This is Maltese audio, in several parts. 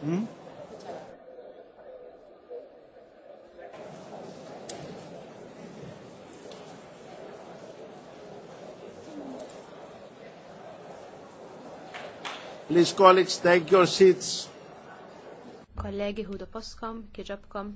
Hmm? Please colleagues, take your seats. Kollegi, hudu poskom, kijabkom.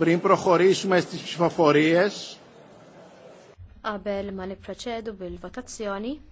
Πριν προχωρήσουμε στις ψηφοφορίες. Qabel ma niproċedu bil-votazzjoni.